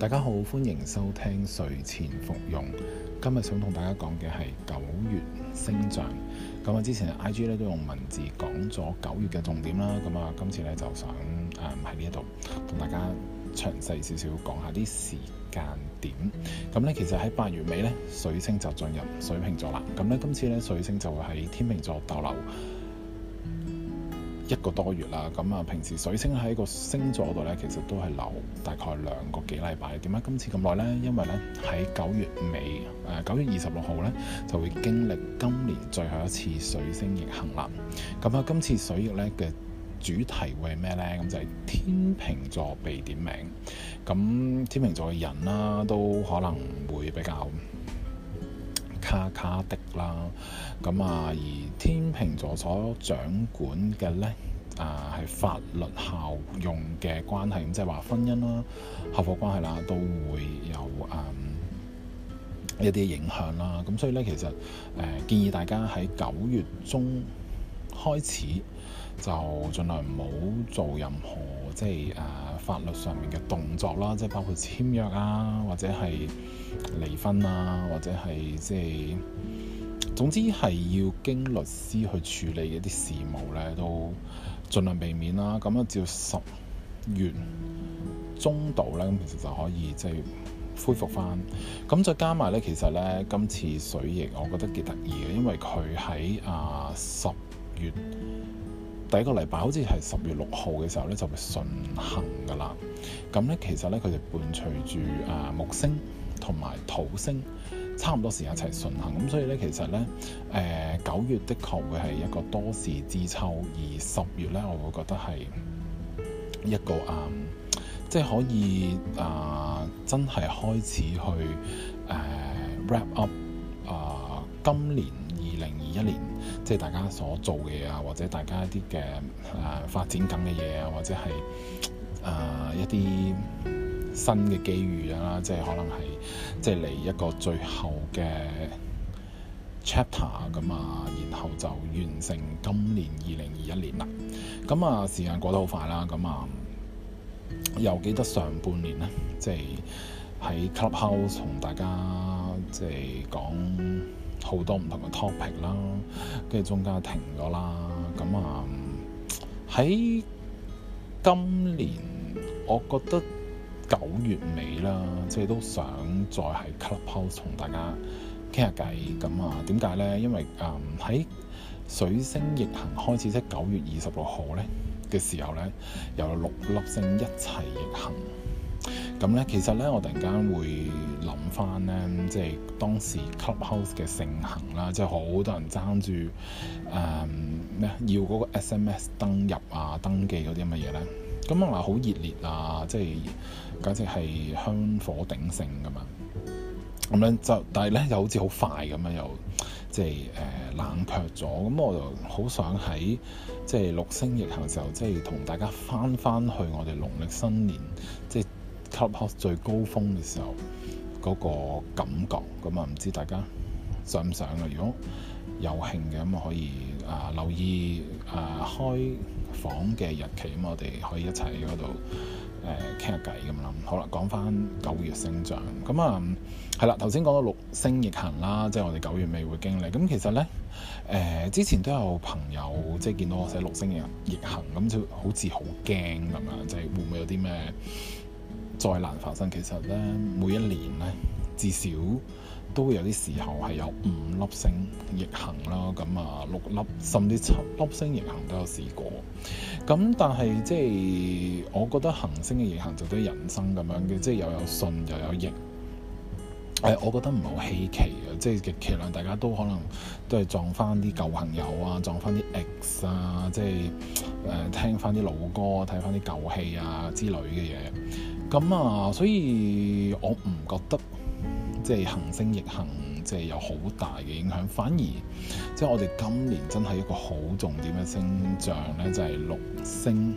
大家好，歡迎收聽睡前服用。今日想同大家講嘅係九月星象。咁啊，之前 IG 咧都用文字講咗九月嘅重點啦。咁啊，今次咧就想誒喺呢一度同大家詳細少少講下啲時間點。咁咧，其實喺八月尾咧，水星就進入水瓶座啦。咁咧，今次咧，水星就會喺天秤座逗留。一個多月啦，咁啊，平時水星喺個星座嗰度呢，其實都係留大概兩個幾禮拜。點解今次咁耐呢？因為呢，喺九月尾，誒九月二十六號呢，就會經歷今年最後一次水星逆行啦。咁啊，今次水逆呢嘅主題會係咩呢？咁就係、是、天秤座被點名。咁天秤座嘅人啦，都可能會比較卡卡的啦，咁啊，而天秤座所掌管嘅咧，啊、呃、係法律效用嘅關係，咁即係話婚姻啦、合伙關係啦，都會有啊、呃、一啲影響啦。咁所以咧，其實誒、呃、建議大家喺九月中開始。就盡量唔好做任何即係誒、啊、法律上面嘅動作啦，即係包括簽約啊，或者係離婚啊，或者係即係總之係要經律師去處理一啲事務咧，都盡量避免啦。咁啊，照十月中度咧，咁其實就可以即係恢復返。咁再加埋咧，其實咧今次水逆，我覺得幾得意嘅，因為佢喺啊十月，第一個禮拜好似係十月六號嘅時候咧，就會順行噶啦。咁咧其實咧，佢哋伴隨住啊木星同埋土星差唔多時間一齊順行，咁所以咧其實咧誒九月的確會係一個多事之秋，而十月咧，我會覺得係一個啊、嗯，即係可以啊、呃，真係開始去誒、呃、wrap up 啊、呃、今年。零二一年，即係大家所做嘅嘢啊，或者大家一啲嘅誒發展緊嘅嘢啊，或者係誒、呃、一啲新嘅機遇啊，即係可能係即係嚟一個最後嘅 chapter 咁啊，然後就完成今年二零二一年啦。咁啊，時間過得好快啦，咁啊，又記得上半年咧，即係喺 clubhouse 同大家即係講。好多唔同嘅 topic 啦，跟住中間停咗啦，咁啊喺今年我覺得九月尾啦，即係都想再係 clubhouse 同大家傾下偈，咁啊點解咧？因為誒喺、嗯、水星逆行開始，即係九月二十六號咧嘅時候咧，有六粒星一齊逆行。咁咧，其實咧，我突然間會諗翻咧，即係當時 clubhouse 嘅盛行啦，即係好多人爭住誒咩要嗰個 SMS 登入啊、登記嗰啲乜嘢咧。咁我話好熱烈啊，即係簡直係香火鼎盛噶嘛。咁咧就，但係咧又好似好快咁樣，又即係誒、呃、冷卻咗。咁我就好想喺即係六星逆行嘅時候，即係同大家翻翻去我哋農曆新年即係。Top h 突破最高峰嘅時候嗰，那個感覺咁啊，唔知大家想唔想啊？如果有興嘅咁啊，可以啊、呃、留意啊、呃、開房嘅日期咁，我哋可以一齊嗰度誒傾下偈咁啦。好啦，講翻九月星象咁啊，係啦，頭先講到六星逆行啦，即係我哋九月尾會經歷咁。其實咧誒、呃，之前都有朋友即係見到我寫六星逆逆行咁，就好似好驚咁啊，就係會唔會有啲咩？再難發生，其實咧每一年咧，至少都會有啲時候係有五粒星逆行啦，咁啊六粒，甚至七粒星逆行都有試過。咁但係即係我覺得行星嘅逆行就對人生咁樣嘅，即係又有信又有逆。誒、哎，我覺得唔係好稀奇啊，即係極其量大家都可能都係撞翻啲舊朋友啊，撞翻啲 ex 啊，即係誒、呃、聽翻啲老歌、睇翻啲舊戲啊之類嘅嘢。咁啊，所以我唔覺得、嗯、即係行星逆行即係有好大嘅影響，反而即係我哋今年真係一個好重點嘅星象呢就係、是、六星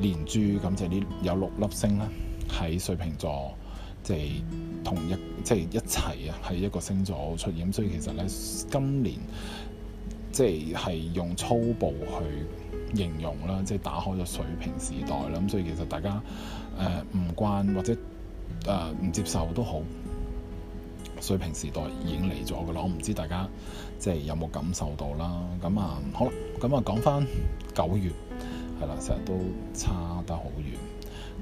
連珠，咁就呢有六粒星咧喺水瓶座，即係同一即係一齊啊，喺一個星座出現，所以其實呢，今年。即係用粗暴去形容啦，即係打開咗水平時代啦，咁、嗯、所以其實大家誒唔、呃、慣或者誒唔、呃、接受都好，水平時代已經嚟咗噶啦，我唔知大家即係有冇感受到啦。咁啊，好啦，咁啊講返九月係啦，成日都差得好遠。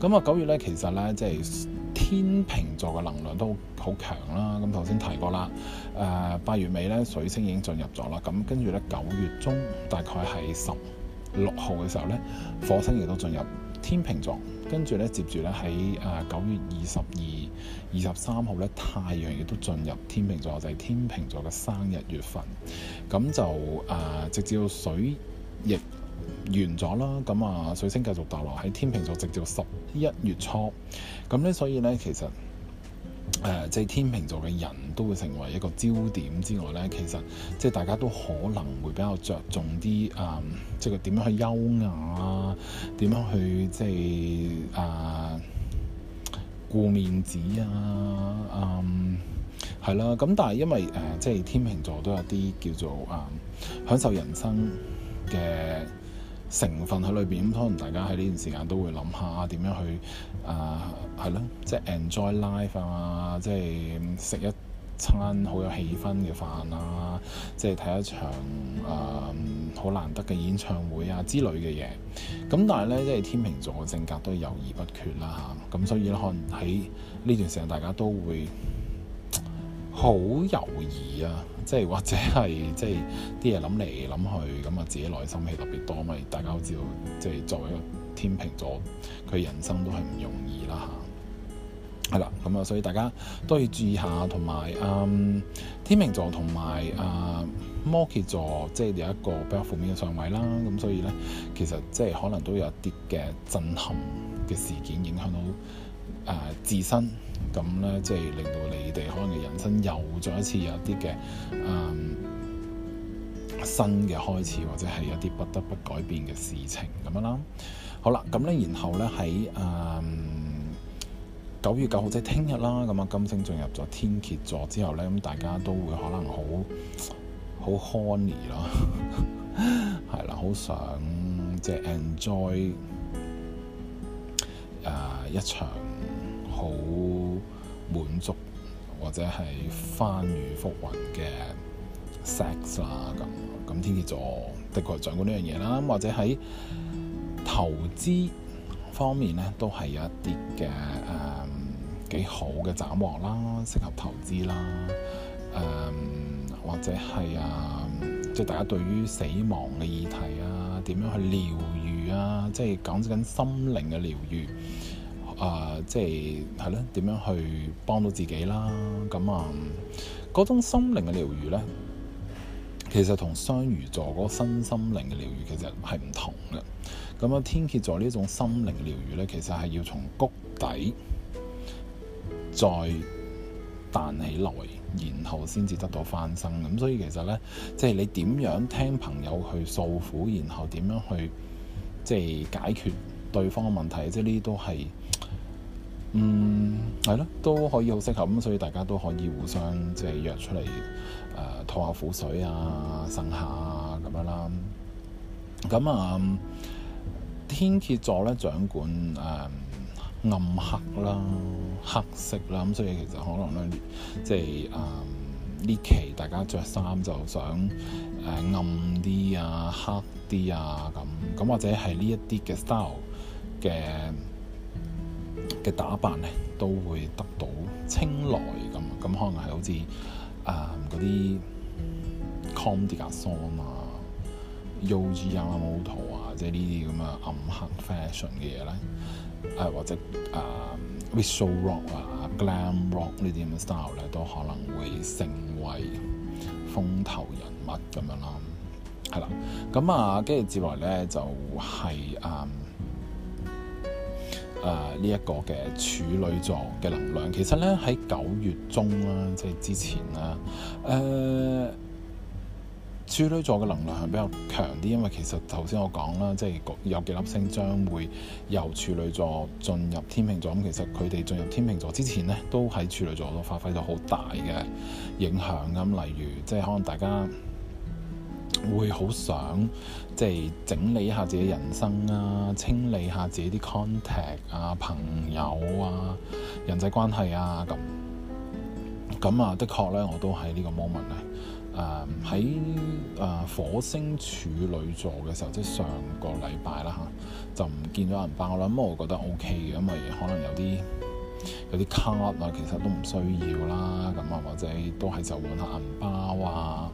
咁啊九月咧，其實咧即係。天秤座嘅能量都好強啦，咁頭先提過啦，誒、呃、八月尾呢，水星已經進入咗啦，咁跟住呢，九月中大概係十六號嘅時候呢，火星亦都進入天秤座，跟住呢，接住呢，喺誒九月二十二、二十三號呢，太陽亦都進入天秤座，就係、是、天秤座嘅生日月份，咁就誒、呃、直至到水逆。完咗啦，咁啊，水星繼續逗留喺天秤座，直至十一月初。咁咧，所以咧，其實誒，即、呃、係、就是、天秤座嘅人都會成為一個焦點之外咧，其實即係大家都可能會比較着重啲誒、呃，即係點樣去優雅啊，點樣去即係誒顧面子啊，嗯、呃，係啦。咁但係因為誒，即、呃、係、就是、天秤座都有啲叫做誒、呃、享受人生嘅。成分喺裏邊，咁可能大家喺呢段時間都會諗下點樣去啊，係、呃、咯，即係 enjoy life 啊，即係食一餐好有氣氛嘅飯啊，即係睇一場啊好難得嘅演唱會啊之類嘅嘢。咁但係呢，即係天秤座嘅性格都猶豫不決啦嚇。咁、啊、所以呢，可能喺呢段時間大家都會好猶豫啊，即係或者係即係啲嘢諗嚟諗去，咁啊自己內心戲特別多，咪大家都知道，即係作為一個天秤座，佢人生都係唔容易啦嚇。係、啊、啦，咁啊，所以大家都要注意下，同埋、呃、天秤座同埋摩羯座，即、就、係、是、有一個比較負面嘅相位啦，咁、啊、所以咧，其實即係可能都有一啲嘅震撼嘅事件影響到誒、呃、自身。咁咧，即係令到你哋可能嘅人生又再一次有啲嘅、嗯，新嘅開始，或者係一啲不得不改變嘅事情咁樣啦。好啦，咁咧，然後咧喺誒九月九號即係聽日啦，咁啊金星進入咗天蠍座之後咧，咁大家都會可能好好 horny 咯，係啦，好 想即係、就是、enjoy 誒、呃、一場好～滿足或者係翻雨覆雲嘅 sex 啦，咁咁天蠍座的確掌管呢樣嘢啦，或者喺投資方面咧都係有一啲嘅誒幾好嘅斬獲啦，適合投資啦，誒、嗯、或者係啊，即係大家對於死亡嘅議題啊，點樣去療愈啊，即係講緊心靈嘅療愈。啊、呃，即係係咯，點樣去幫到自己啦？咁、嗯、啊，嗰種心靈嘅療愈呢，其實同雙魚座嗰身心靈嘅療愈其實係唔同嘅。咁、嗯、啊，天蠍座呢種心靈療愈呢，其實係要從谷底再彈起來，然後先至得到翻生。咁、嗯、所以其實呢，即係你點樣聽朋友去訴苦，然後點樣去即係解決對方嘅問題，即係呢啲都係。嗯，係咯，都可以好適合咁，所以大家都可以互相即係、就是、約出嚟誒，吐、呃、下苦水啊，生下咁樣啦。咁啊、嗯，天蝎座咧掌管誒、嗯、暗黑啦、黑色啦，咁所以其實可能咧，即係誒呢期大家着衫就想誒、呃、暗啲啊、黑啲啊咁，咁或者係呢一啲嘅 style 嘅。嘅打扮咧，都會得到青睞咁，咁、嗯、可能係好似啊嗰、呃、啲 Comme des Garçons 啊、Yohji 啊、Yamamoto 啊，即係呢啲咁嘅暗黑 fashion 嘅嘢咧，誒或者啊 Visual Rock 啊、Glam Rock 呢啲咁嘅 style 咧，都可能會成為風頭人物咁樣啦。係、嗯、啦，咁、嗯、啊，跟住接來咧就係、是、誒。嗯。啊！呢一、呃這個嘅處女座嘅能量，其實呢喺九月中啦，即係之前啦，誒、呃，處女座嘅能量係比較強啲，因為其實頭先我講啦，即係有幾粒星將會由處女座進入天秤座，咁其實佢哋進入天秤座之前呢，都喺處女座度發揮咗好大嘅影響咁，例如即係可能大家。會好想即係整理一下自己人生啊，清理下自己啲 contact 啊、朋友啊、人際關係啊咁。咁啊，的確咧，我都喺呢個 moment 嚟。誒喺誒火星處女座嘅時候，即係上個禮拜啦嚇，就唔見到銀包啦。我諗，我覺得 OK 嘅，因為可能有啲有啲 card 啊，其實都唔需要啦。咁啊，或者都係就換下銀包啊。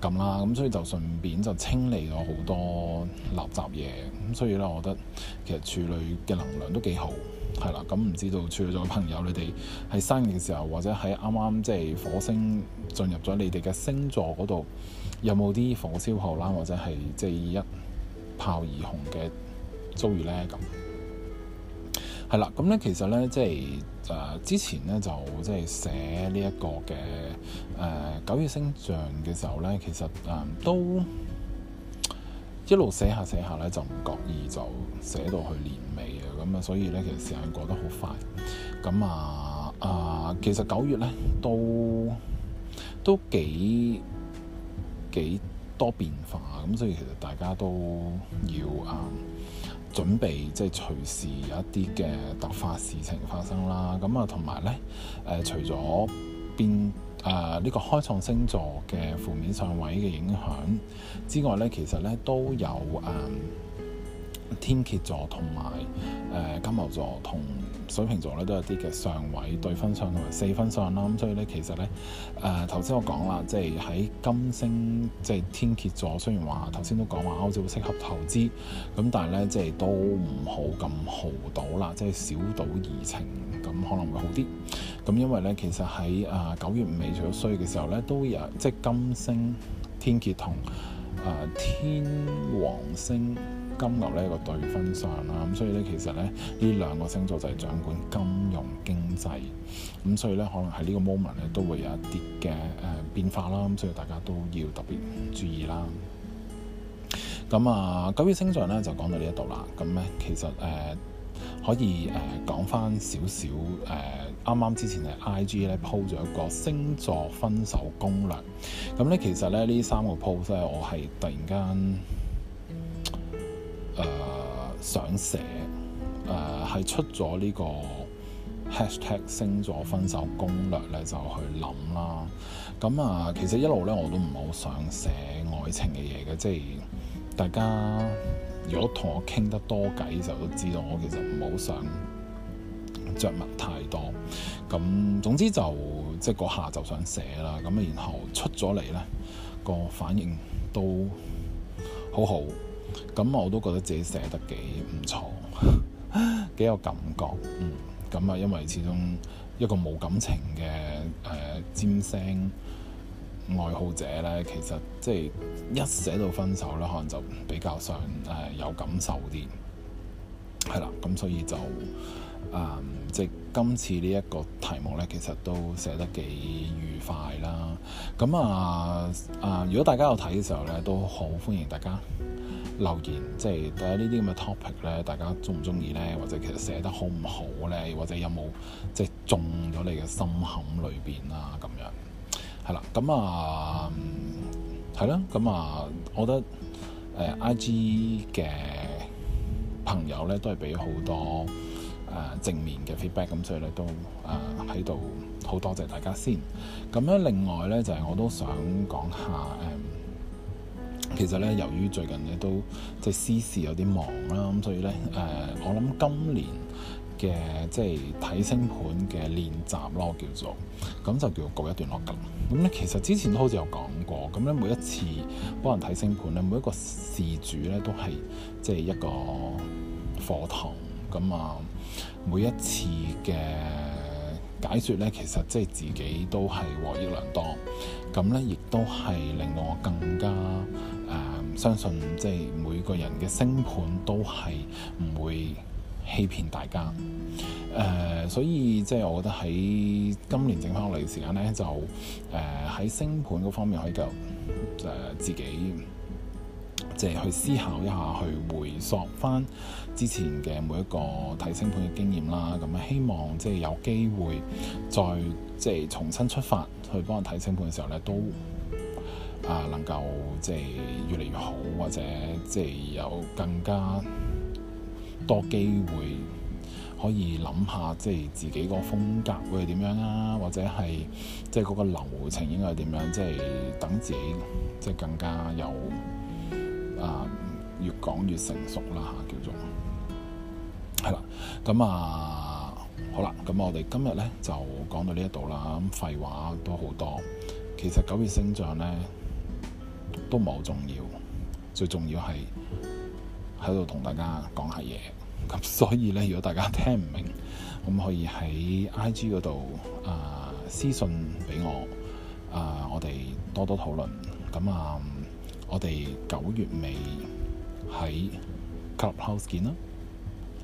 咁啦，咁所以就順便就清理咗好多垃圾嘢，咁所以咧，我覺得其實處女嘅能量都幾好，係啦。咁唔知道處女座嘅朋友，你哋喺生日嘅時候，或者喺啱啱即係火星進入咗你哋嘅星座嗰度，有冇啲火燒後啦，或者係即係一炮而紅嘅遭遇呢？咁。係啦，咁咧其實咧，即係誒、呃、之前咧就即係寫呢一個嘅誒、呃、九月星象嘅時候咧，其實誒、呃、都一路寫下寫下咧，就唔覺意就寫到去年尾啊，咁啊，所以咧其實時間過得好快。咁啊啊、呃，其實九月咧都都幾幾多變化，咁所以其實大家都要啊。呃準備即係隨時有一啲嘅突發事情發生啦，咁啊同埋咧誒，除咗變誒呢個開創星座嘅負面上位嘅影響之外咧，其實咧都有誒。呃天蠍座同埋誒金牛座同水瓶座咧，都有啲嘅上位對分上同埋四分上啦。咁、嗯、所以咧，其實咧誒頭先我講啦，即係喺金星即係天蠍座，雖然話頭先都講話好似會適合投資，咁、嗯、但係咧即係都唔好咁豪賭啦，即係小賭怡情，咁、嗯、可能會好啲。咁、嗯、因為咧，其實喺啊九月尾，除咗衰嘅時候咧，都有即係金星天蠍同誒天王星。金牛呢個對分相啦，咁所以呢，其實呢，呢兩個星座就係掌管金融經濟，咁所以呢，可能喺呢個 moment 咧都會有一啲嘅誒變化啦，咁所以大家都要特別注意啦。咁啊，九月星象呢，就講到呢一度啦，咁呢，其實誒、呃、可以誒講翻少少誒啱啱之前喺 IG 咧鋪咗一個星座分手攻略，咁呢，其實呢，呢三個 post 我係突然間。誒、呃、想寫誒係、呃、出咗呢個 hashtag 星座分手攻略咧，就去諗啦。咁、嗯、啊，其實一路咧我都唔好想寫愛情嘅嘢嘅，即係大家如果同我傾得多偈就都知道，我其實唔好想著墨太多。咁、嗯、總之就即係嗰下就想寫啦。咁然後出咗嚟咧，個反應都好好。咁我都覺得自己寫得幾唔錯，幾 有感覺。嗯，咁啊，因為始終一個冇感情嘅誒、呃、尖聲愛好者咧，其實即係一寫到分手咧，可能就比較上誒、呃、有感受啲係啦。咁所以就啊、呃，即係今次呢一個題目咧，其實都寫得幾愉快啦。咁啊啊，如果大家有睇嘅時候咧，都好歡迎大家留言即係大家呢啲咁嘅 topic 咧，大家中唔中意咧？或者其實寫得好唔好咧？或者有冇即係中咗你嘅心坎裏邊啊？咁樣係啦，咁啊係啦，咁、嗯、啊，我覺得誒、呃、IG 嘅朋友咧都係俾好多誒、呃、正面嘅 feedback，咁所以咧都誒喺度好多謝大家先。咁樣、啊、另外咧就係、是、我都想講下誒。呃其實咧，由於最近咧都即係私事有啲忙啦，咁所以咧誒、呃，我諗今年嘅即係睇星盤嘅練習啦，叫做咁就叫告一段落噶啦。咁咧其實之前都好似有講過，咁咧每一次幫人睇星盤咧，每一個事主咧都係即係一個課堂咁啊，每一次嘅。解説，咧，其實即係自己都係獲益良多，咁咧亦都係令我更加誒、呃、相信，即係每個人嘅星盤都係唔會欺騙大家。誒、呃，所以即係我覺得喺今年整翻落嚟嘅時間咧，就誒喺、呃、星盤嗰方面可以夠誒、呃、自己。即係去思考一下，去回溯翻之前嘅每一個睇星盤嘅經驗啦。咁啊，希望即係有機會再即係重新出發去幫人睇星盤嘅時候咧，都啊能夠即係越嚟越好，或者即係有更加多機會可以諗下，即係自己個風格會係點樣啊，或者係即係嗰個流程應該係點樣，即係等自己即係更加有。啊，越講越成熟啦，叫做係啦。咁啊，好啦，咁我哋今日咧就講到呢一度啦。咁廢話都好多，其實九月星象咧都冇重要，最重要係喺度同大家講下嘢。咁所以咧，如果大家聽唔明，咁可以喺 IG 嗰度啊私信俾我啊、呃，我哋多多討論。咁啊～我哋九月尾喺 Clubhouse 見啦，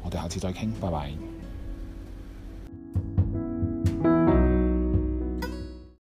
我哋下次再傾，拜拜。